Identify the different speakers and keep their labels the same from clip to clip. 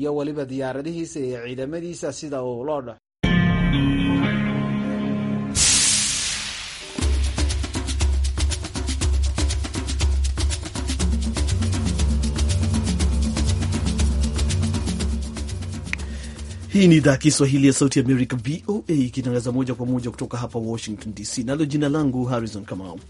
Speaker 1: iyo weliba diyaaradihiisa iyo ciidamadiisa sida uu loo dhaco
Speaker 2: Hii ni idhaa Kiswahili ya Sauti Amerika, VOA, ikitangaza moja kwa moja kutoka hapa Washington DC. Nalo jina langu Harrison Kamau.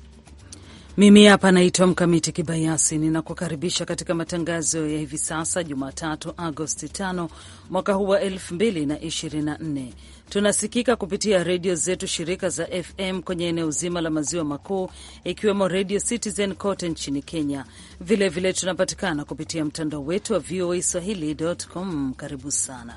Speaker 3: Mimi hapa naitwa Mkamiti Kibayasi, ninakukaribisha katika matangazo ya hivi sasa, Jumatatu Agosti 5 mwaka huu wa 2024. Tunasikika kupitia redio zetu shirika za FM kwenye eneo zima la maziwa makuu, ikiwemo redio Citizen kote nchini Kenya. Vilevile vile tunapatikana kupitia mtandao wetu wa VOA swahili.com. Karibu sana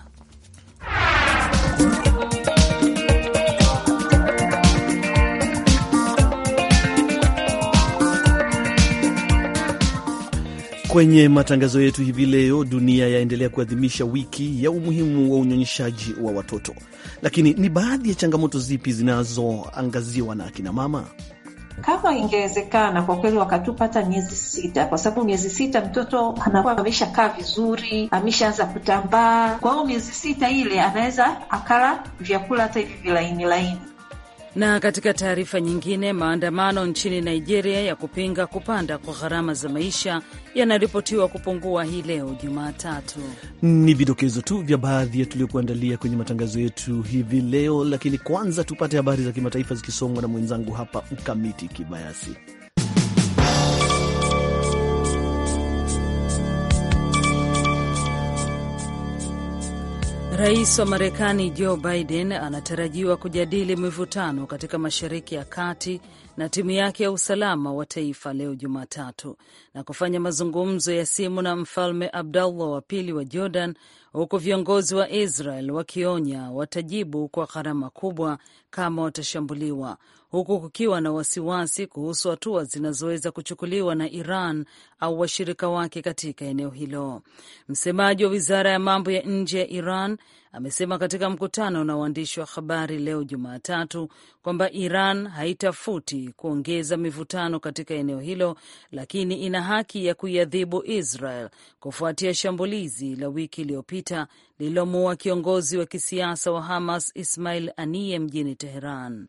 Speaker 2: Kwenye matangazo yetu hivi leo, dunia yaendelea kuadhimisha wiki ya umuhimu wa unyonyeshaji wa watoto. Lakini ni baadhi ya changamoto zipi zinazoangaziwa na akina mama?
Speaker 3: Kama ingewezekana kwa kweli, wakatupata miezi sita, kwa sababu miezi sita mtoto anakuwa ameshakaa vizuri, ameshaanza kutambaa. Kwa hiyo miezi sita ile anaweza akala vyakula hata hivi vilaini laini na katika taarifa nyingine, maandamano nchini Nigeria ya kupinga kupanda kwa gharama za maisha yanaripotiwa kupungua hii leo Jumatatu.
Speaker 2: Ni vidokezo tu vya baadhi ya tuliokuandalia kwenye matangazo yetu hivi leo, lakini kwanza tupate habari za kimataifa zikisomwa na mwenzangu hapa Mkamiti Kibayasi.
Speaker 3: Rais wa Marekani Joe Biden anatarajiwa kujadili mivutano katika Mashariki ya Kati na timu yake ya usalama wa taifa leo Jumatatu na kufanya mazungumzo ya simu na Mfalme Abdullah wa pili wa Jordan, huku viongozi wa Israel wakionya watajibu kwa gharama kubwa kama watashambuliwa, huku kukiwa na wasiwasi kuhusu hatua zinazoweza kuchukuliwa na Iran au washirika wake katika eneo hilo. Msemaji wa wizara ya mambo ya nje ya Iran amesema katika mkutano na waandishi wa habari leo Jumatatu kwamba Iran haitafuti kuongeza mivutano katika eneo hilo, lakini ina haki ya kuiadhibu Israel kufuatia shambulizi la wiki iliyopita lililomuua kiongozi wa kisiasa wa Hamas Ismail Haniyeh mjini Teheran.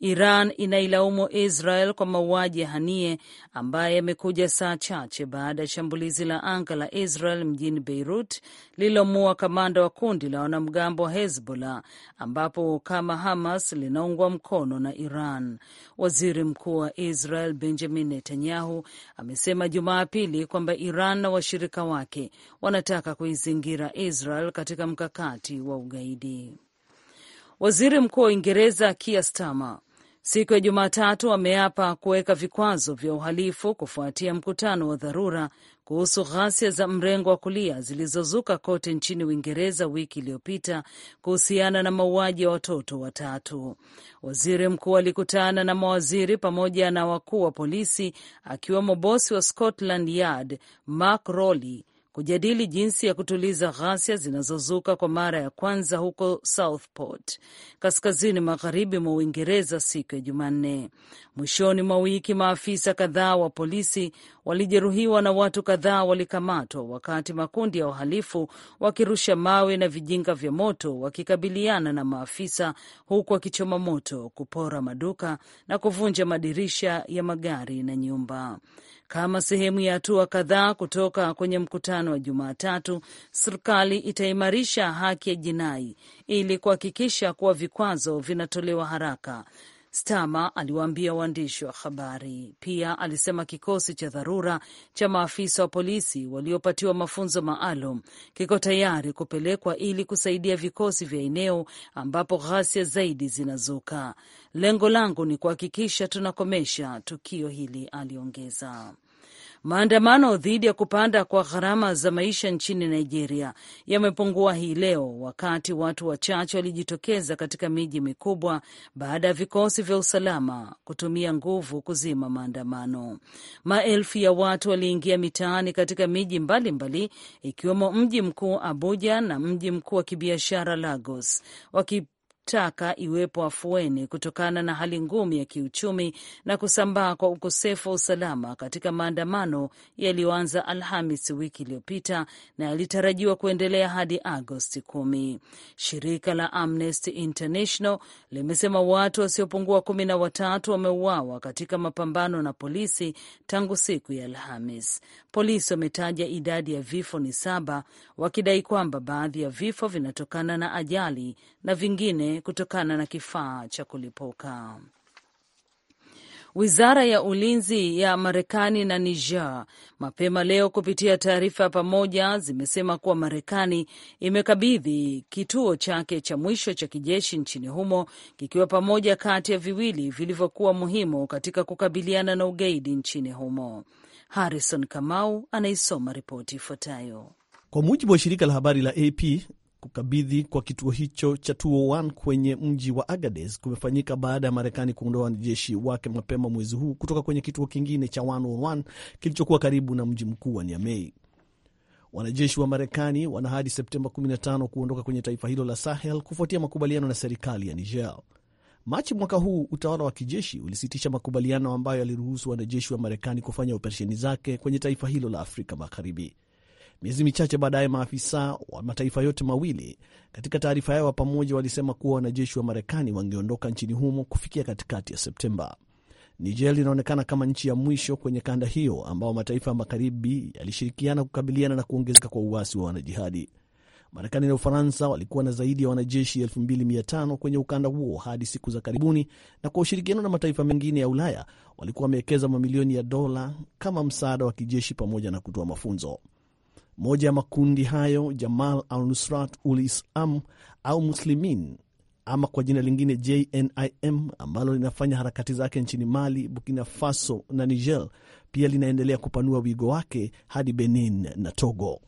Speaker 3: Iran inailaumu Israel kwa mauaji ya hanie ambaye amekuja saa chache baada ya shambulizi la anga la Israel mjini Beirut lililomuua kamanda wa kundi la wanamgambo wa Hezbollah, ambapo kama Hamas linaungwa mkono na Iran. Waziri Mkuu wa Israel Benjamin Netanyahu amesema Jumapili kwamba Iran na washirika wake wanataka kuizingira Israel katika mkakati wa ugaidi. Waziri Mkuu wa Uingereza Keir Starmer siku ya Jumatatu ameapa kuweka vikwazo vya uhalifu kufuatia mkutano wa dharura kuhusu ghasia za mrengo wa kulia zilizozuka kote nchini Uingereza wiki iliyopita kuhusiana na mauaji ya watoto watatu. Waziri mkuu alikutana na mawaziri pamoja na wakuu wa polisi akiwemo bosi wa Scotland Yard Mark Rowley kujadili jinsi ya kutuliza ghasia zinazozuka kwa mara ya kwanza huko Southport, kaskazini magharibi mwa Uingereza siku ya Jumanne. Mwishoni mwa wiki, maafisa kadhaa wa polisi walijeruhiwa na watu kadhaa walikamatwa wakati makundi ya wahalifu wakirusha mawe na vijinga vya moto wakikabiliana na maafisa, huku wakichoma moto, kupora maduka na kuvunja madirisha ya magari na nyumba. Kama sehemu ya hatua kadhaa kutoka kwenye mkutano wa Jumatatu, serikali itaimarisha haki ya jinai ili kuhakikisha kuwa vikwazo vinatolewa haraka. Stama aliwaambia waandishi wa habari. Pia alisema kikosi cha dharura cha maafisa wa polisi waliopatiwa mafunzo maalum kiko tayari kupelekwa ili kusaidia vikosi vya eneo ambapo ghasia zaidi zinazuka. Lengo langu ni kuhakikisha tunakomesha tukio hili, aliongeza. Maandamano dhidi ya kupanda kwa gharama za maisha nchini Nigeria yamepungua hii leo, wakati watu wachache walijitokeza katika miji mikubwa baada ya vikosi vya usalama kutumia nguvu kuzima maandamano. Maelfu ya watu waliingia mitaani katika miji mbalimbali, ikiwemo mji mkuu Abuja na mji mkuu wa kibiashara Lagos, wakip taka iwepo afueni kutokana na hali ngumu ya kiuchumi na kusambaa kwa ukosefu wa usalama katika maandamano yaliyoanza Alhamis wiki iliyopita na yalitarajiwa kuendelea hadi Agosti kumi. Shirika la Amnesty International limesema watu wasiopungua kumi na watatu wameuawa katika mapambano na polisi tangu siku ya Alhamis. Polisi wametaja idadi ya vifo ni saba, wakidai kwamba baadhi ya vifo vinatokana na ajali na vingine kutokana na kifaa cha kulipuka. Wizara ya ulinzi ya Marekani na Niger mapema leo kupitia taarifa pamoja zimesema kuwa Marekani imekabidhi kituo chake cha mwisho cha kijeshi nchini humo kikiwa pamoja kati ya viwili vilivyokuwa muhimu katika kukabiliana na ugaidi nchini humo. Harrison Kamau anaisoma ripoti ifuatayo.
Speaker 2: Kwa mujibu wa shirika la habari la AP, Kukabidhi kwa kituo hicho cha 201 kwenye mji wa Agades kumefanyika baada ya Marekani kuondoa wanajeshi wake mapema mwezi huu kutoka kwenye kituo kingine cha 101 kilichokuwa karibu na mji mkuu wa Niamey. Wanajeshi wa Marekani wana hadi Septemba 15 kuondoka kwenye taifa hilo la Sahel kufuatia makubaliano na serikali ya Niger. Machi mwaka huu utawala wa kijeshi ulisitisha makubaliano ambayo yaliruhusu wanajeshi wa Marekani kufanya operesheni zake kwenye taifa hilo la Afrika Magharibi. Miezi michache baadaye, maafisa wa mataifa yote mawili katika taarifa yao pamoja walisema kuwa wanajeshi wa Marekani wangeondoka nchini humo kufikia katikati ya Septemba. Niger inaonekana kama nchi ya mwisho kwenye kanda hiyo ambao mataifa ya magharibi yalishirikiana kukabiliana na kuongezeka kwa uasi wa wanajihadi. Marekani na Ufaransa walikuwa na zaidi ya wanajeshi 2500 kwenye ukanda huo hadi siku za karibuni, na kwa ushirikiano na mataifa mengine ya Ulaya walikuwa wamewekeza mamilioni ya dola kama msaada wa kijeshi pamoja na kutoa mafunzo. Moja ya makundi hayo Jamal al-Nusrat ul-Islam au Muslimin ama kwa jina lingine JNIM ambalo linafanya harakati zake nchini Mali, Burkina Faso na Niger, pia linaendelea kupanua wigo wake hadi Benin na Togo.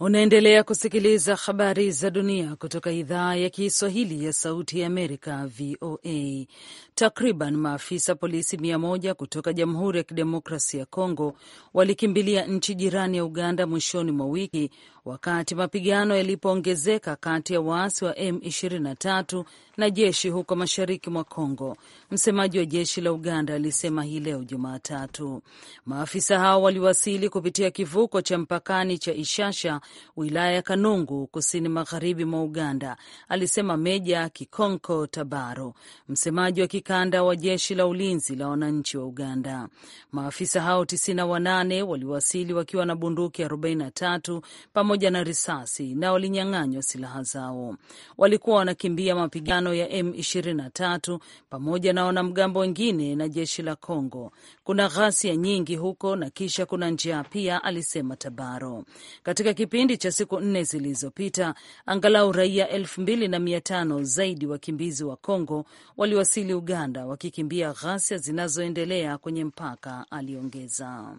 Speaker 3: Unaendelea kusikiliza habari za dunia kutoka idhaa ya Kiswahili ya Sauti ya Amerika, VOA. Takriban maafisa polisi mia moja kutoka Jamhuri ya Kidemokrasi ya Kongo walikimbilia nchi jirani ya Uganda mwishoni mwa wiki wakati mapigano yalipoongezeka kati ya waasi wa M23 na jeshi huko mashariki mwa congo Msemaji wa jeshi la Uganda alisema hii leo Jumatatu maafisa hao waliwasili kupitia kivuko cha mpakani cha Ishasha, wilaya ya Kanungu, kusini magharibi mwa Uganda, alisema Meja Kikonko Tabaro, msemaji wa kikanda wa jeshi la ulinzi la wananchi wa Uganda. Maafisa hao 98 waliwasili wakiwa na bunduki 43 pamoja pamoja na risasi na walinyang'anywa silaha zao. Walikuwa wanakimbia mapigano ya M23 pamoja na wanamgambo wengine na jeshi la congo Kuna ghasia nyingi huko na kisha kuna njaa pia, alisema Tabaro. Katika kipindi cha siku nne zilizopita, angalau raia 25 zaidi wakimbizi wa congo waliwasili Uganda wakikimbia ghasia zinazoendelea kwenye mpaka, aliongeza.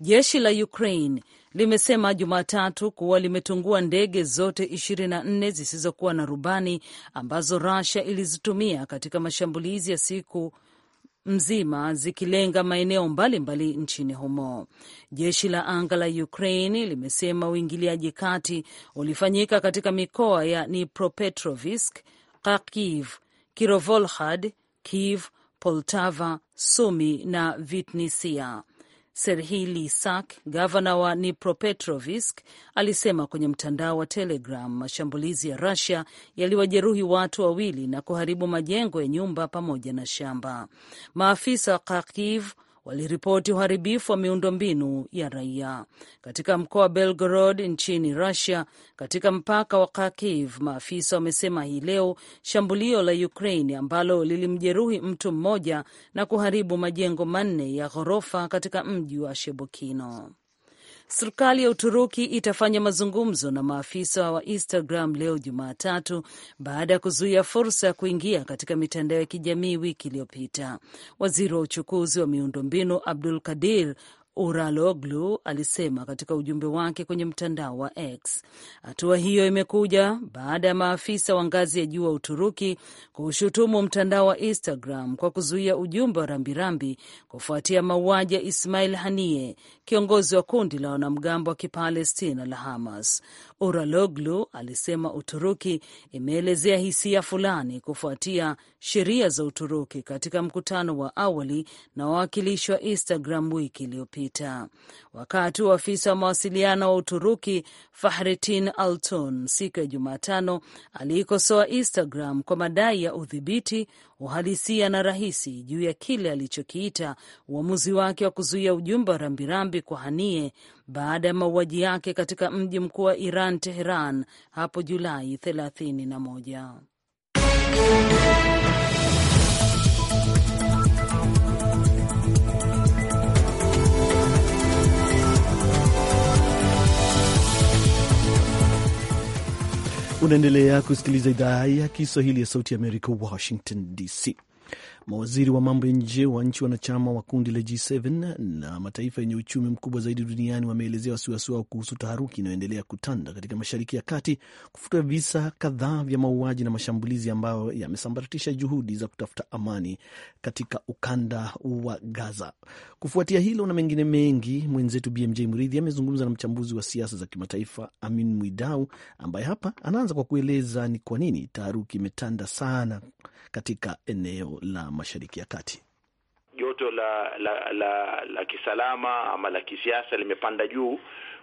Speaker 3: Jeshi la Ukraine limesema Jumatatu kuwa limetungua ndege zote 24 zisizokuwa na rubani ambazo Russia ilizitumia katika mashambulizi ya siku mzima zikilenga maeneo mbalimbali nchini humo. Jeshi la anga la Ukraine limesema uingiliaji kati ulifanyika katika mikoa ya Dnipropetrovsk, Kharkiv, Kirovolhad, Kiev, Poltava, Sumi na Vitnisia. Serhili Sak, gavana wa nipropetrovisk alisema kwenye mtandao wa Telegram mashambulizi ya Rusia yaliwajeruhi watu wawili na kuharibu majengo ya nyumba pamoja na shamba. Maafisa Kharkiv waliripoti uharibifu wa miundombinu ya raia katika mkoa wa Belgorod nchini Russia, katika mpaka wa Kharkiv. Maafisa wamesema hii leo shambulio la Ukraine ambalo lilimjeruhi mtu mmoja na kuharibu majengo manne ya ghorofa katika mji wa Shebukino. Serikali ya Uturuki itafanya mazungumzo na maafisa wa Instagram leo Jumatatu baada ya kuzuia fursa ya kuingia katika mitandao ya kijamii wiki iliyopita. Waziri wa uchukuzi wa miundombinu Abdul Kadir Uraloglu alisema katika ujumbe wake kwenye mtandao wa X. Hatua hiyo imekuja baada ya maafisa wa ngazi ya juu wa Uturuki kuushutumu mtandao wa Instagram kwa kuzuia ujumbe wa rambirambi kufuatia mauaji ya Ismail hanie kiongozi wa kundi la wanamgambo wa Kipalestina la Hamas. Uraloglu alisema Uturuki imeelezea hisia fulani kufuatia sheria za Uturuki katika mkutano wa awali na wawakilishi wa Instagram wiki iliyopita iliyopita. wakati wa afisa wa mawasiliano wa Uturuki Fahretin Altun siku ya Jumatano aliikosoa Instagram kwa madai ya udhibiti, uhalisia na rahisi juu ya kile alichokiita uamuzi wake wa kuzuia ujumbe wa rambirambi kwa Hanie baada ya mauaji yake katika mji mkuu wa Iran, Teheran, hapo Julai 31.
Speaker 2: Unaendelea kusikiliza idhaa ya Kiswahili ya Sauti ya Amerika, Washington DC. Mawaziri wa mambo ya nje wa nchi wanachama wa kundi la G7 na mataifa yenye uchumi mkubwa zaidi duniani wameelezea wasiwasi wao kuhusu taharuki inayoendelea kutanda katika Mashariki ya Kati kufuatia visa kadhaa vya mauaji na mashambulizi ambayo yamesambaratisha juhudi za kutafuta amani katika ukanda wa Gaza. Kufuatia hilo na mengine mengi, mwenzetu BMJ Mridhi amezungumza na mchambuzi wa siasa za kimataifa Amin Mwidau ambaye hapa anaanza kwa kueleza ni kwa nini taharuki imetanda sana katika eneo la Mashariki ya Kati.
Speaker 4: Joto la la, la, la kisalama ama la kisiasa limepanda juu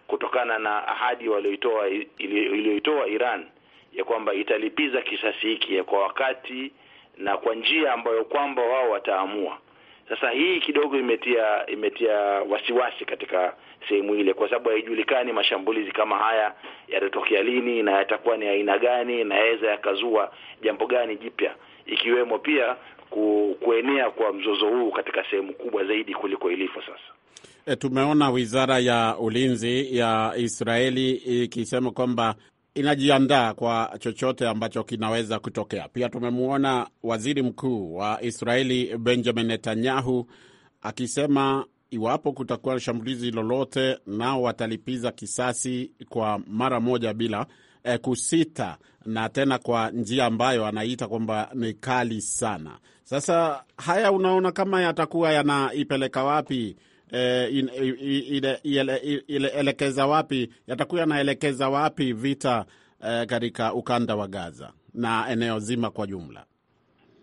Speaker 4: kutokana na ahadi walioitoa iliyoitoa Iran ya kwamba italipiza kisasi hiki kwa wakati na kwa njia ambayo kwamba wao wataamua. Sasa hii kidogo imetia imetia wasiwasi katika sehemu ile, kwa sababu haijulikani mashambulizi kama haya yatatokea lini na yatakuwa ni aina gani na yaweza yakazua jambo gani jipya ikiwemo pia kuenea kwa mzozo huu katika sehemu kubwa zaidi kuliko ilivyo sasa.
Speaker 5: E, tumeona wizara ya ulinzi ya Israeli ikisema kwamba inajiandaa kwa chochote ambacho kinaweza kutokea. Pia tumemwona waziri mkuu wa Israeli Benjamin Netanyahu akisema iwapo kutakuwa na shambulizi lolote, nao watalipiza kisasi kwa mara moja bila eh, kusita na tena kwa njia ambayo anaita kwamba ni kali sana. Sasa haya unaona kama yatakuwa yanaipeleka wapi? E, elekeza wapi yatakuwa yanaelekeza wapi vita e, katika ukanda wa Gaza na eneo zima kwa jumla?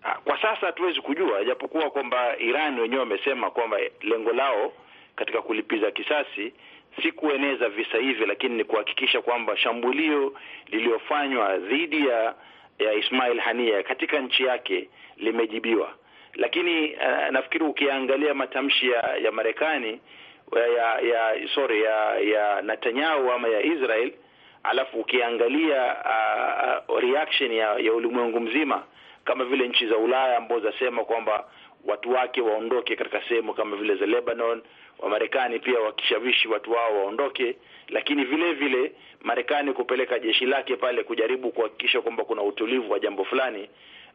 Speaker 4: Ah, kwa sasa hatuwezi kujua, japokuwa kwamba Iran wenyewe wamesema kwamba lengo lao katika kulipiza kisasi si kueneza visa hivi, lakini ni kuhakikisha kwamba shambulio lililofanywa dhidi ya ya Ismail Hania katika nchi yake limejibiwa. Lakini uh, nafikiri ukiangalia matamshi ya, ya Marekani eh, ya, ya sorry ya ya Netanyahu ama ya Israel alafu ukiangalia uh, reaction ya, ya ulimwengu mzima kama vile nchi za Ulaya ambazo zasema kwamba watu wake waondoke katika sehemu kama vile za Lebanon Wamarekani pia wakishawishi watu wao waondoke, lakini vile vile Marekani kupeleka jeshi lake pale kujaribu kuhakikisha kwamba kuna utulivu wa jambo fulani.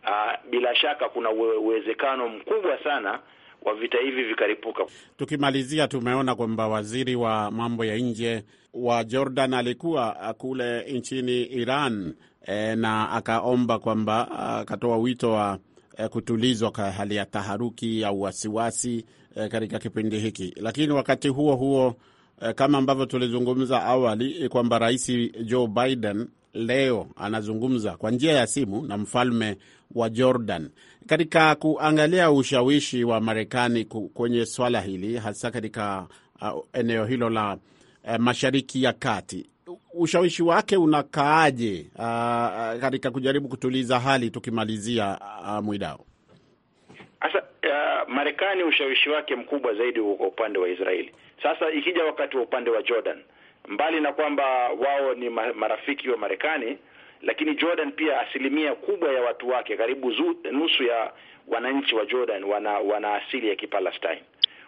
Speaker 4: Aa, ah, bila shaka kuna uwezekano mkubwa sana wa vita hivi vikaripuka.
Speaker 5: Tukimalizia, tumeona kwamba waziri wa mambo ya nje wa Jordan alikuwa ah, kule nchini Iran e, na akaomba kwamba ah, akatoa wito wa eh, kutulizwa kwa hali ya taharuki au wasiwasi eh, katika kipindi hiki. Lakini wakati huo huo eh, kama ambavyo tulizungumza awali eh, kwamba Rais Joe Biden leo anazungumza kwa njia ya simu na mfalme wa Jordan katika kuangalia ushawishi wa Marekani kwenye swala hili, hasa katika uh, eneo hilo la uh, Mashariki ya Kati. Ushawishi wake unakaaje uh, katika kujaribu kutuliza hali tukimalizia uh,
Speaker 4: mwidao? Asa, uh, Marekani ushawishi wake mkubwa zaidi uko upande wa Israeli. Sasa ikija wakati wa upande wa Jordan, mbali na kwamba wao ni marafiki wa Marekani, lakini Jordan pia asilimia kubwa ya watu wake, karibu nusu ya wananchi wa Jordan wana, wana asili ya Kipalestine.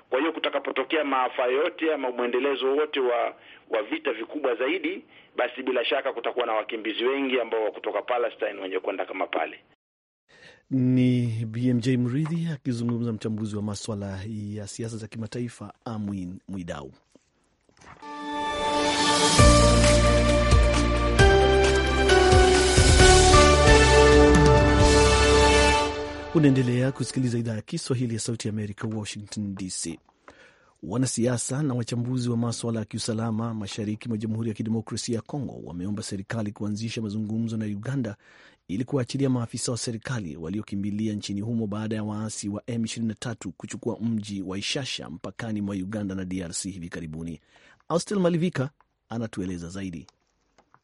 Speaker 4: Kwa hiyo kutakapotokea maafa yote ama mwendelezo wote wa wa vita vikubwa zaidi, basi bila shaka kutakuwa na wakimbizi wengi ambao wa kutoka Palestine wenye kwenda kama pale.
Speaker 2: Ni BMJ Mridhi akizungumza, mchambuzi wa maswala ya siasa za kimataifa Amwin Mwidau. Unaendelea kusikiliza idhaa ya Kiswahili ya Sauti ya Amerika, Washington DC. Wanasiasa na wachambuzi wa maswala ya kiusalama mashariki mwa Jamhuri ya Kidemokrasia ya Kongo wameomba serikali kuanzisha mazungumzo na Uganda ili kuwaachilia maafisa wa serikali waliokimbilia nchini humo baada ya waasi wa M23 kuchukua mji wa Ishasha mpakani mwa Uganda na DRC hivi karibuni. Austel Malivika anatueleza zaidi.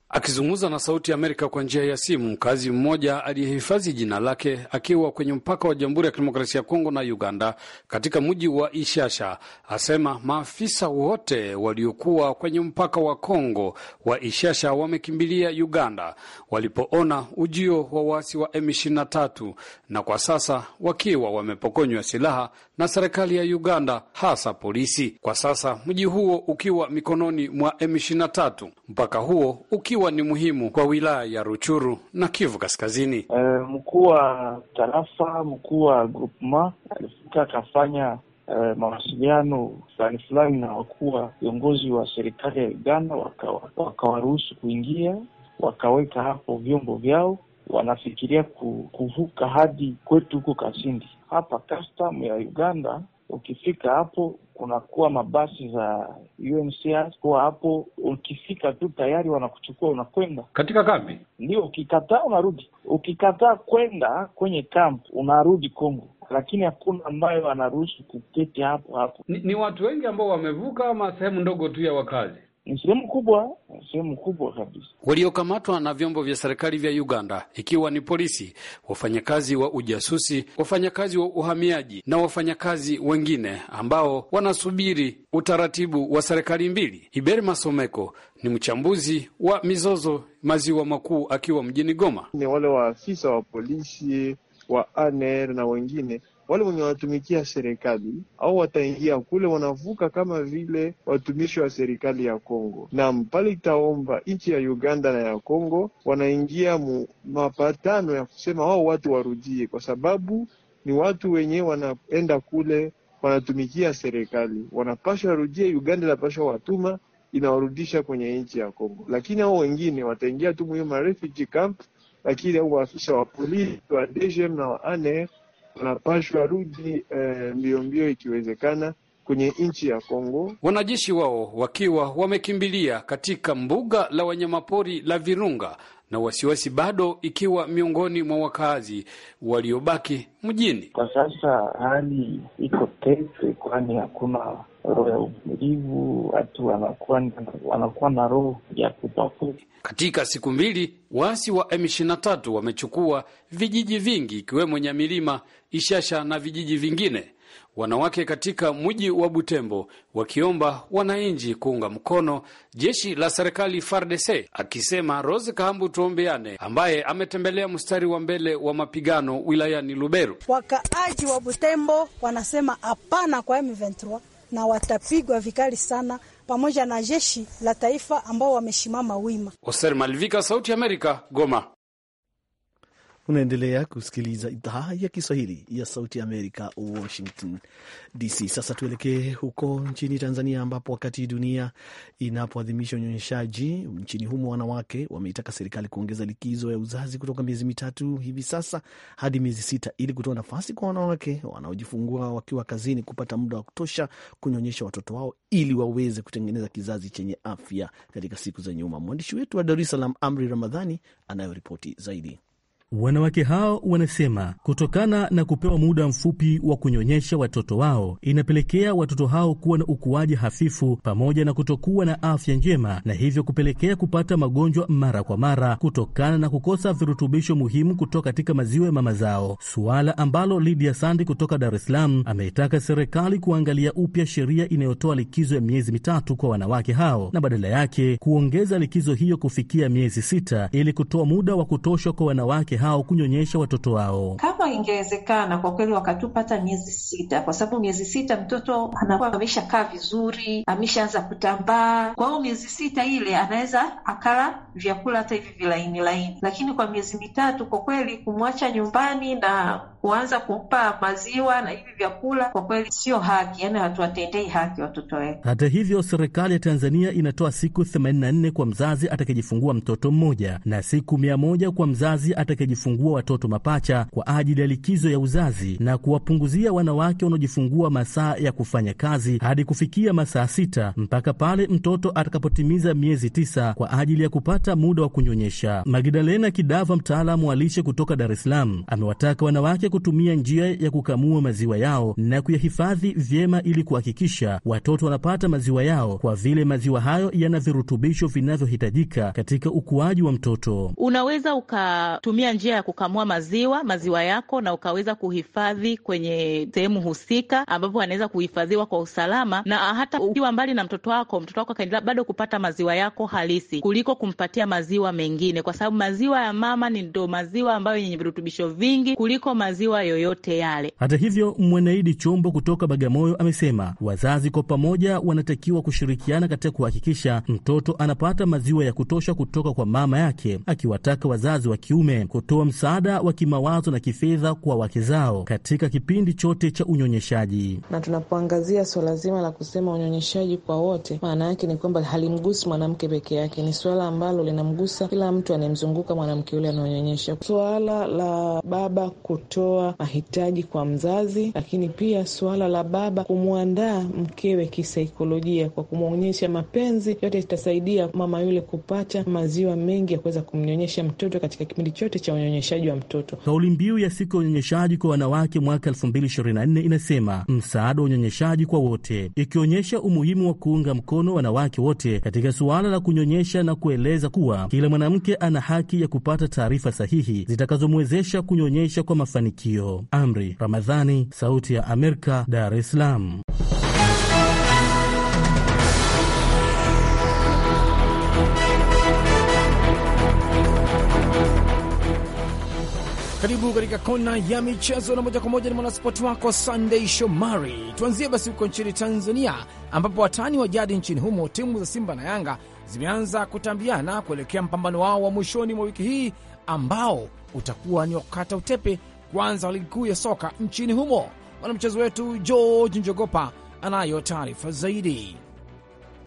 Speaker 6: Akizungumza na Sauti ya Amerika kwa njia ya simu, mkazi mmoja aliyehifadhi jina lake akiwa kwenye mpaka wa Jamhuri ya Kidemokrasia ya Kongo na Uganda katika mji wa Ishasha asema maafisa wote waliokuwa kwenye mpaka wa Kongo wa Ishasha wamekimbilia Uganda walipoona ujio wa waasi wa M23 na kwa sasa wakiwa wamepokonywa silaha na serikali ya Uganda, hasa polisi, kwa sasa mji huo ukiwa mikononi mwa M23, mpaka huo uki ikiwa ni muhimu kwa wilaya ya Ruchuru na Kivu Kaskazini. E, mkuu wa tarafa,
Speaker 4: mkuu wa grupma alifika akafanya e, mawasiliano fulani fulani na wakuu wa viongozi wa serikali ya Uganda, wakawaruhusu waka kuingia, wakaweka hapo vyombo vyao wanafikiria kuvuka hadi kwetu huko Kasindi. Hapa custom ya Uganda, ukifika hapo kunakuwa mabasi za UNHCR kuwa hapo, ukifika tu tayari wanakuchukua unakwenda
Speaker 6: katika kambi.
Speaker 4: Ndio, ukikataa unarudi. Ukikataa kwenda kwenye kamp unarudi Kongo, lakini hakuna ambayo anaruhusu kuketi hapo hapo. Ni, ni
Speaker 6: watu wengi ambao wamevuka ama sehemu ndogo tu ya wakazi
Speaker 4: ni sehemu kubwa,
Speaker 6: sehemu kubwa kabisa. Waliokamatwa na vyombo vya serikali vya Uganda, ikiwa ni polisi, wafanyakazi wa ujasusi, wafanyakazi wa uhamiaji na wafanyakazi wengine ambao wanasubiri utaratibu wa serikali mbili. Iberi Masomeko ni mchambuzi wa mizozo
Speaker 7: maziwa makuu, akiwa mjini Goma. Ni wale waafisa wa polisi wa ANR na wengine wale wenye wanatumikia serikali au wataingia kule, wanavuka kama vile watumishi wa serikali ya Kongo. Naam, pale itaomba nchi ya Uganda na ya Kongo wanaingia mu mapatano ya kusema wao watu warudie, kwa sababu ni watu wenyewe wanaenda kule wanatumikia serikali, wanapashwa rudia. Uganda inapashwa watuma inawarudisha kwenye nchi ya Kongo, lakini hao wengine wataingia tu mwiyo ma refugee camp, lakini au waafisa wa polisi wa DGM na wa ANR e wanapashwa rudi eh, mbio mbio ikiwezekana kwenye nchi ya Kongo.
Speaker 6: Wanajeshi wao wakiwa wamekimbilia katika mbuga la wanyamapori la Virunga na wasiwasi bado ikiwa miongoni mwa wakaazi waliobaki
Speaker 1: mjini. Kwa
Speaker 4: sasa hali iko tete, kwani hakuna watu wanakuwa wanakuwa na roho ya kutafuta.
Speaker 1: Katika
Speaker 6: siku mbili, waasi wa M23 wamechukua vijiji vingi ikiwemo Nyamilima, Ishasha na vijiji vingine. Wanawake katika mji wa Butembo wakiomba wananchi kuunga mkono jeshi la serikali FARDC, akisema Rose Kahambu tuombeane, ambaye ametembelea mstari wa mbele wa mapigano wilayani Lubero.
Speaker 3: Wakaaji wa Butembo wanasema hapana kwa M23 na watapigwa vikali sana, pamoja na jeshi la taifa ambao wameshimama wima.
Speaker 6: Oser Sauti ya Amerika, Goma.
Speaker 2: Unaendelea kusikiliza idhaa ya Kiswahili ya Sauti ya Amerika, Washington DC. Sasa tuelekee huko nchini Tanzania, ambapo wakati dunia inapoadhimisha unyonyeshaji nchini humo, wanawake wameitaka serikali kuongeza likizo ya uzazi kutoka miezi mitatu hivi sasa hadi miezi sita ili kutoa nafasi kwa wanawake wanaojifungua wakiwa kazini kupata muda wa kutosha kunyonyesha watoto wao ili waweze kutengeneza kizazi chenye afya katika siku za nyuma. Mwandishi wetu wa Dar es Salaam, Amri Ramadhani, anayoripoti zaidi.
Speaker 8: Wanawake hao wanasema kutokana na kupewa muda mfupi wa kunyonyesha watoto wao inapelekea watoto hao kuwa na ukuaji hafifu pamoja na kutokuwa na afya njema na hivyo kupelekea kupata magonjwa mara kwa mara kutokana na kukosa virutubisho muhimu kutoka katika maziwa ya mama zao, suala ambalo Lydia Sandi kutoka Dar es Salaam ameitaka serikali kuangalia upya sheria inayotoa likizo ya miezi mitatu kwa wanawake hao na badala yake kuongeza likizo hiyo kufikia miezi sita ili kutoa muda wa kutosha kwa wanawake hao kunyonyesha watoto wao.
Speaker 3: Kama ingewezekana kwa kweli, wakatupata miezi sita, kwa sababu miezi sita mtoto anakuwa ameshakaa vizuri, ameshaanza kutambaa. Kwa hiyo miezi sita ile anaweza akala vyakula hata hivi vilaini laini, lakini kwa miezi mitatu kwa kweli kumwacha nyumbani na kuanza kumpa maziwa na hivi vyakula, kwa kweli sio haki, yani hatuwatendei haki watoto wetu.
Speaker 8: Hata hivyo, serikali ya Tanzania inatoa siku 84 kwa mzazi atakayejifungua mtoto mmoja na siku 100 kwa mzazi atakayejifungua watoto mapacha kwa ajili ya likizo ya uzazi na kuwapunguzia wanawake wanaojifungua masaa ya kufanya kazi hadi kufikia masaa sita mpaka pale mtoto atakapotimiza miezi tisa kwa ajili ya kupata muda wa kunyonyesha. Magdalena Kidava, mtaalamu wa lishe kutoka Dar es Salaam, amewataka wanawake waweze kutumia njia ya kukamua maziwa yao na kuyahifadhi vyema ili kuhakikisha watoto wanapata maziwa yao, kwa vile maziwa hayo yana virutubisho vinavyohitajika katika ukuaji wa mtoto.
Speaker 3: Unaweza ukatumia njia ya kukamua maziwa maziwa yako na ukaweza kuhifadhi kwenye sehemu husika, ambapo anaweza kuhifadhiwa kwa usalama, na hata ukiwa mbali na mtoto wako, mtoto wako akaendelea bado kupata maziwa yako halisi kuliko kumpatia maziwa mengine, kwa sababu maziwa ya mama ni ndo maziwa ambayo yenye virutubisho vingi kuliko maziwa maziwa yoyote yale.
Speaker 8: Hata hivyo, Mwenaidi Chombo kutoka Bagamoyo amesema wazazi kwa pamoja wanatakiwa kushirikiana katika kuhakikisha mtoto anapata maziwa ya kutosha kutoka kwa mama yake, akiwataka wazazi wa kiume kutoa msaada wa kimawazo na kifedha kwa wake zao katika kipindi chote cha unyonyeshaji.
Speaker 3: Na tunapoangazia swala zima la kusema unyonyeshaji kwa wote, maana yake ni kwamba halimgusi mwanamke peke yake, ni suala ambalo linamgusa kila mtu anayemzunguka mwanamke yule anaonyonyesha. Suala la baba kutoa kutoa
Speaker 8: mahitaji kwa mzazi, lakini pia suala la baba kumwandaa mkewe kisaikolojia kwa kumwonyesha mapenzi, yote itasaidia mama yule kupata maziwa mengi ya kuweza kumnyonyesha mtoto katika kipindi chote cha unyonyeshaji wa mtoto. Kauli mbiu ya siku ya unyonyeshaji kwa wanawake mwaka 2024 inasema msaada wa unyonyeshaji kwa wote, ikionyesha umuhimu wa kuunga mkono wanawake wote katika suala la kunyonyesha na kueleza kuwa kila mwanamke ana haki ya kupata taarifa sahihi zitakazomwezesha kunyonyesha kwa mafanikio mafanikio. Amri Ramadhani, Sauti ya Amerika, Dar es Salaam.
Speaker 9: Karibu katika kona ya michezo na moja kwa moja ni mwanaspoti wako Sunday Shomari. Tuanzie basi huko nchini Tanzania, ambapo watani wa jadi nchini humo, timu za Simba na Yanga zimeanza kutambiana kuelekea mpambano wao wa mwishoni mwa wiki hii ambao utakuwa ni wakukata utepe wa ligi kuu ya soka nchini humo. Mwanamchezo wetu George Njogopa anayo taarifa zaidi.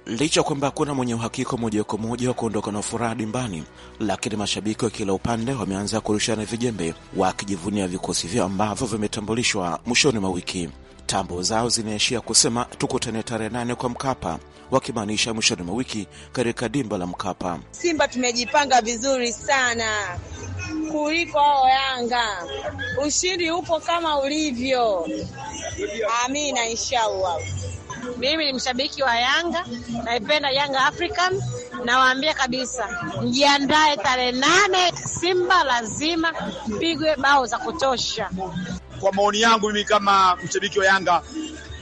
Speaker 8: Licha kwamba hakuna mwenye uhakika moja kwa moja wa kuondoka na furaha dimbani, lakini mashabiki wa kila upande wameanza kurushana vijembe wakijivunia vikosi vyao ambavyo vimetambulishwa mwishoni mwa wiki. Tambo zao zinaishia kusema tukutane tarehe nane kwa Mkapa, wakimaanisha mwishoni mwa wiki katika dimba la Mkapa.
Speaker 3: Simba tumejipanga vizuri sana kuliko hao Yanga. Ushindi upo kama ulivyo. Amina, inshallah. Mimi ni mshabiki wa Yanga, naipenda Yanga African. Nawaambia kabisa, mjiandae tarehe nane, Simba lazima pigwe bao za kutosha.
Speaker 5: Kwa maoni yangu mimi kama mshabiki wa Yanga,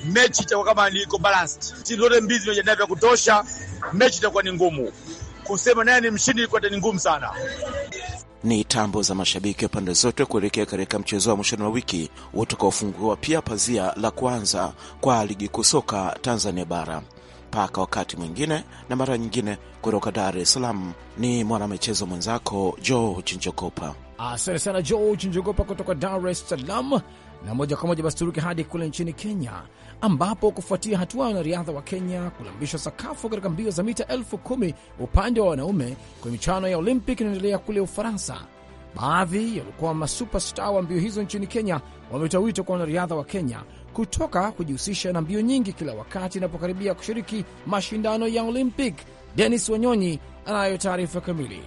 Speaker 5: mechi itakuwa kama iko balanced, timu zote mbili zimejiandaa vya kutosha, mechi itakuwa ni ngumu. Kusema naye ni mshindi ilikuwa ni ngumu
Speaker 9: sana.
Speaker 8: Ni tambo za mashabiki wa pande zote kuelekea katika mchezo wa mwishoni mwa wiki utakaofungua pia pazia la kwanza kwa ligi kuu soka Tanzania bara. Mpaka wakati mwingine na mara nyingine, kutoka Dar es Salaam ni mwanamichezo mwenzako Joe Chinchokopa.
Speaker 9: Asante sana George Njogopa kutoka Dar es Salaam. Na moja kwa moja basi turuke hadi kule nchini Kenya, ambapo kufuatia hatua ya wanariadha wa Kenya kulambishwa sakafu katika mbio za mita elfu kumi upande wa wanaume kwenye michuano ya Olympic inaendelea kule Ufaransa, baadhi yaliokuwa masuperstar wa mbio hizo nchini Kenya wametoa wito kwa wanariadha wa Kenya kutoka kujihusisha na mbio nyingi kila wakati inapokaribia kushiriki mashindano ya Olympic. Denis Wanyonyi anayo taarifa kamili.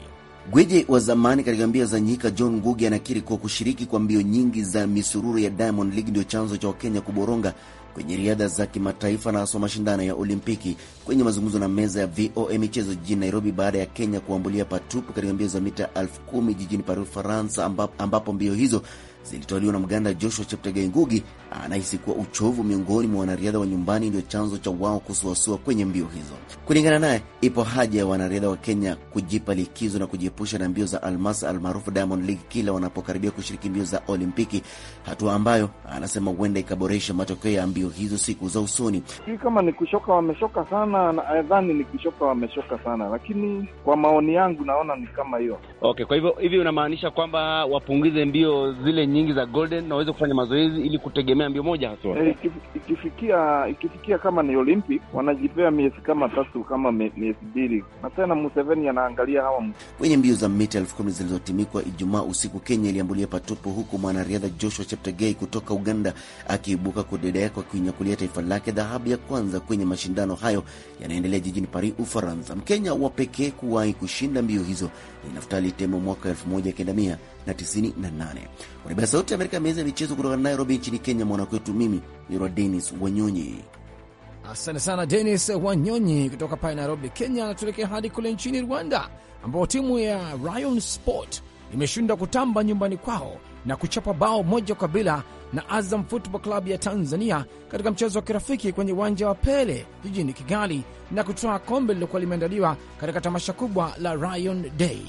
Speaker 1: Gweje wa zamani katika mbio za nyika John Ngugi anakiri kuwa kushiriki kwa mbio nyingi za misururu ya Diamond League ndio chanzo cha Wakenya kuboronga kwenye riadha za kimataifa na haswa mashindano ya Olimpiki. Kwenye mazungumzo na meza ya VOA michezo jijini Nairobi, baada ya Kenya kuambulia patupu katika mbio za mita elfu kumi jijini Paris, Ufaransa, ambapo mbio hizo zilitolewa na Mganda Joshua Cheptegei Ngugi anahisi kuwa uchovu miongoni mwa wanariadha wa nyumbani ndio chanzo cha wao kusuasua kwenye mbio hizo. Kulingana naye, ipo haja ya wanariadha wa Kenya kujipa likizo na kujiepusha na mbio za almas almaarufu Diamond League kila wanapokaribia kushiriki mbio za Olimpiki, hatua ambayo anasema huenda ikaboresha matokeo ya mbio hizo siku za usoni.
Speaker 9: hii kama ni kushoka
Speaker 8: wameshoka sana, nadhani ni kushoka wameshoka sana, lakini kwa maoni yangu naona ni kama
Speaker 1: hiyo. Okay, kwa hivyo hivi unamaanisha kwamba wapunguze mbio zile sehemu nyingi za Golden na waweze kufanya mazoezi ili kutegemea mbio moja haswa. E,
Speaker 4: eh, ikifikia ikifikia kama ni Olympic wanajipea miezi kama tatu kama miezi mbili, na tena Museveni anaangalia hawa. Kwenye mbio
Speaker 1: za mita elfu kumi zilizotimikwa Ijumaa usiku, Kenya iliambulia patupu, huku mwanariadha Joshua Cheptegei kutoka Uganda akiibuka kudedea kwa kuinyakulia taifa lake dhahabu ya kwanza kwenye mashindano hayo yanaendelea jijini Paris, Ufaransa. Mkenya wa pekee kuwahi kushinda mbio hizo ni Naftali Temo mwaka 1900 na 98. Kwa niaba ya Sauti ya Amerika mezi ya michezo kutoka Nairobi nchini Kenya, mwanakwetu mimi ni rwa Denis Wanyonyi.
Speaker 9: Asante sana Denis Wanyonyi kutoka pale Nairobi, Kenya. natuelekea hadi kule nchini Rwanda, ambapo timu ya Rayon Sport imeshindwa kutamba nyumbani kwao na kuchapa bao moja kwa bila na Azam Football Club ya Tanzania katika mchezo wa kirafiki kwenye uwanja wa Pele jijini Kigali na kutoa kombe lililokuwa limeandaliwa katika tamasha kubwa la Rayon Day.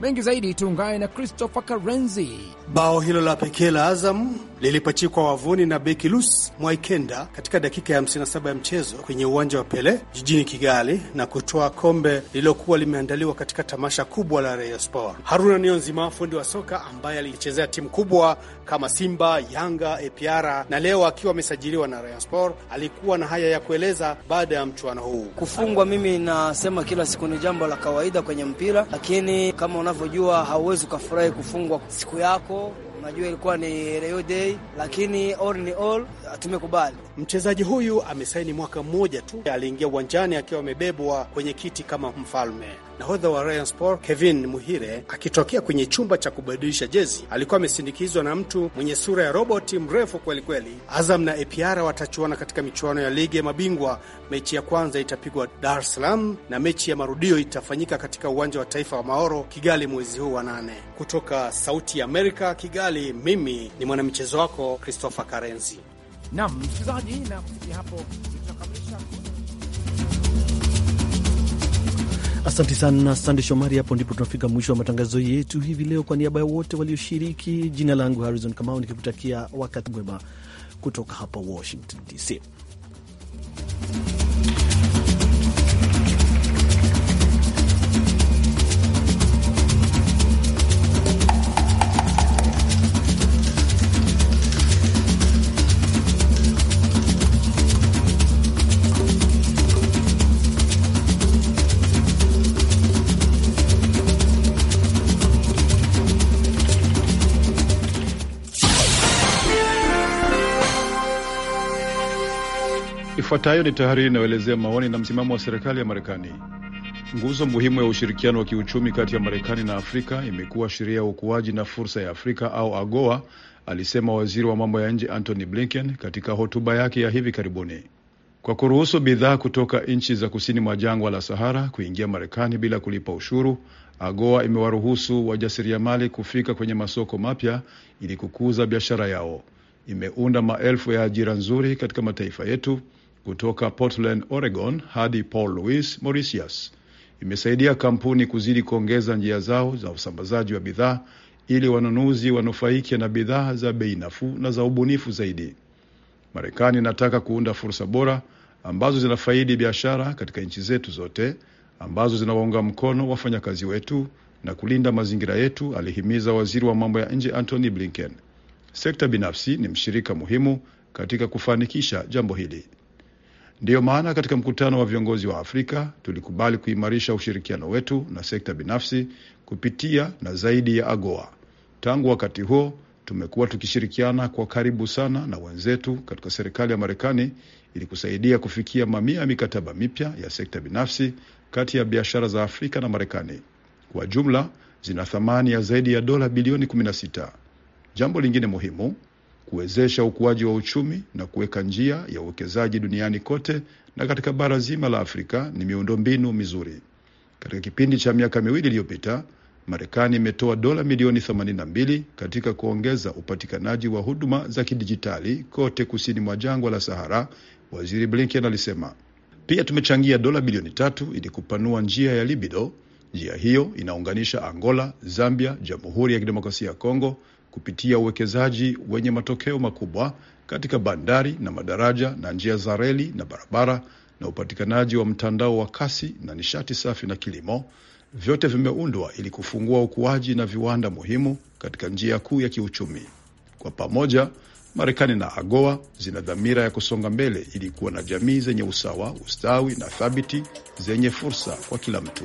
Speaker 9: Mengi zaidi tuungane na Christopher Karenzi.
Speaker 8: Bao hilo la pekee la Azam lilipachikwa wavuni na beki Lus Mwaikenda katika dakika ya 57 ya mchezo kwenye uwanja wa Pele jijini Kigali na kutoa kombe lililokuwa limeandaliwa katika tamasha kubwa la Rayon Sport. Haruna Niyonzima, fundi wa soka ambaye alichezea timu kubwa kama Simba, Yanga, APR na leo akiwa amesajiliwa na Rayon Sport, alikuwa na haya ya kueleza baada ya mchuano huu. Kufungwa, mimi nasema kila siku ni jambo la kawaida kwenye mpira, lakini kama unavyojua hauwezi ukafurahi kufungwa siku yako najua ilikuwa ni Rio Day, lakini all ni all tumekubali. Mchezaji huyu amesaini mwaka mmoja tu, aliingia uwanjani akiwa amebebwa kwenye kiti kama mfalme. Nahodha wa Ryan Sport Kevin Muhire akitokea kwenye chumba cha kubadilisha jezi alikuwa amesindikizwa na mtu mwenye sura ya roboti mrefu kwelikweli. Azam na APR watachuana katika michuano ya ligi ya mabingwa. Mechi ya kwanza itapigwa Dar es Salaam na mechi ya marudio itafanyika katika uwanja wa taifa wa Maoro, Kigali, mwezi huu wa nane. Kutoka Sauti ya Amerika, Kigali, mimi ni mwanamichezo wako Christopher Karenzi.
Speaker 9: Naam msikilizaji, na kufikia hapo
Speaker 2: Asante sana Sande Shomari. Hapo ndipo tunafika mwisho wa matangazo yetu hivi leo. Kwa niaba ya wote walioshiriki, jina langu Harrison Kamau nikikutakia wakati mwema kutoka hapa Washington DC.
Speaker 7: Ifuatayo ni tahariri inayoelezea maoni na msimamo wa serikali ya Marekani. Nguzo muhimu ya ushirikiano wa kiuchumi kati ya Marekani na Afrika imekuwa sheria ya ukuaji na fursa ya Afrika au AGOA, alisema waziri wa mambo ya nje Antony Blinken katika hotuba yake ya hivi karibuni. Kwa kuruhusu bidhaa kutoka nchi za kusini mwa jangwa la Sahara kuingia Marekani bila kulipa ushuru, AGOA imewaruhusu wajasiriamali kufika kwenye masoko mapya ili kukuza biashara yao. Imeunda maelfu ya ajira nzuri katika mataifa yetu kutoka Portland, Oregon hadi Paul Louis, Mauritius, imesaidia kampuni kuzidi kuongeza njia zao za usambazaji wa bidhaa ili wanunuzi wanufaike na bidhaa za bei nafuu na za ubunifu zaidi. Marekani inataka kuunda fursa bora ambazo zinafaidi biashara katika nchi zetu zote ambazo zinawaunga mkono wafanyakazi wetu na kulinda mazingira yetu, alihimiza waziri wa mambo ya nje Antony Blinken. Sekta binafsi ni mshirika muhimu katika kufanikisha jambo hili. Ndiyo maana katika mkutano wa viongozi wa Afrika tulikubali kuimarisha ushirikiano wetu na sekta binafsi kupitia na zaidi ya AGOA. Tangu wakati huo tumekuwa tukishirikiana kwa karibu sana na wenzetu katika serikali ya Marekani ili kusaidia kufikia mamia ya mikataba mipya ya sekta binafsi kati ya biashara za Afrika na Marekani. Kwa jumla zina thamani ya zaidi ya dola bilioni 16. Jambo lingine muhimu kuwezesha ukuaji wa uchumi na kuweka njia ya uwekezaji duniani kote na katika bara zima la Afrika ni miundombinu mizuri. Katika kipindi cha miaka miwili iliyopita, Marekani imetoa dola milioni 82 katika kuongeza upatikanaji wa huduma za kidijitali kote kusini mwa jangwa la Sahara, Waziri Blinken alisema. Pia tumechangia dola bilioni tatu ili kupanua njia ya Libido. Njia hiyo inaunganisha Angola, Zambia, Jamhuri ya Kidemokrasia ya Kongo, kupitia uwekezaji wenye matokeo makubwa katika bandari na madaraja na njia za reli na barabara na upatikanaji wa mtandao wa kasi na nishati safi na kilimo, vyote vimeundwa ili kufungua ukuaji na viwanda muhimu katika njia kuu ya kiuchumi. Kwa pamoja, Marekani na AGOA zina dhamira ya kusonga mbele ili kuwa na jamii zenye usawa, ustawi na thabiti zenye fursa kwa kila mtu.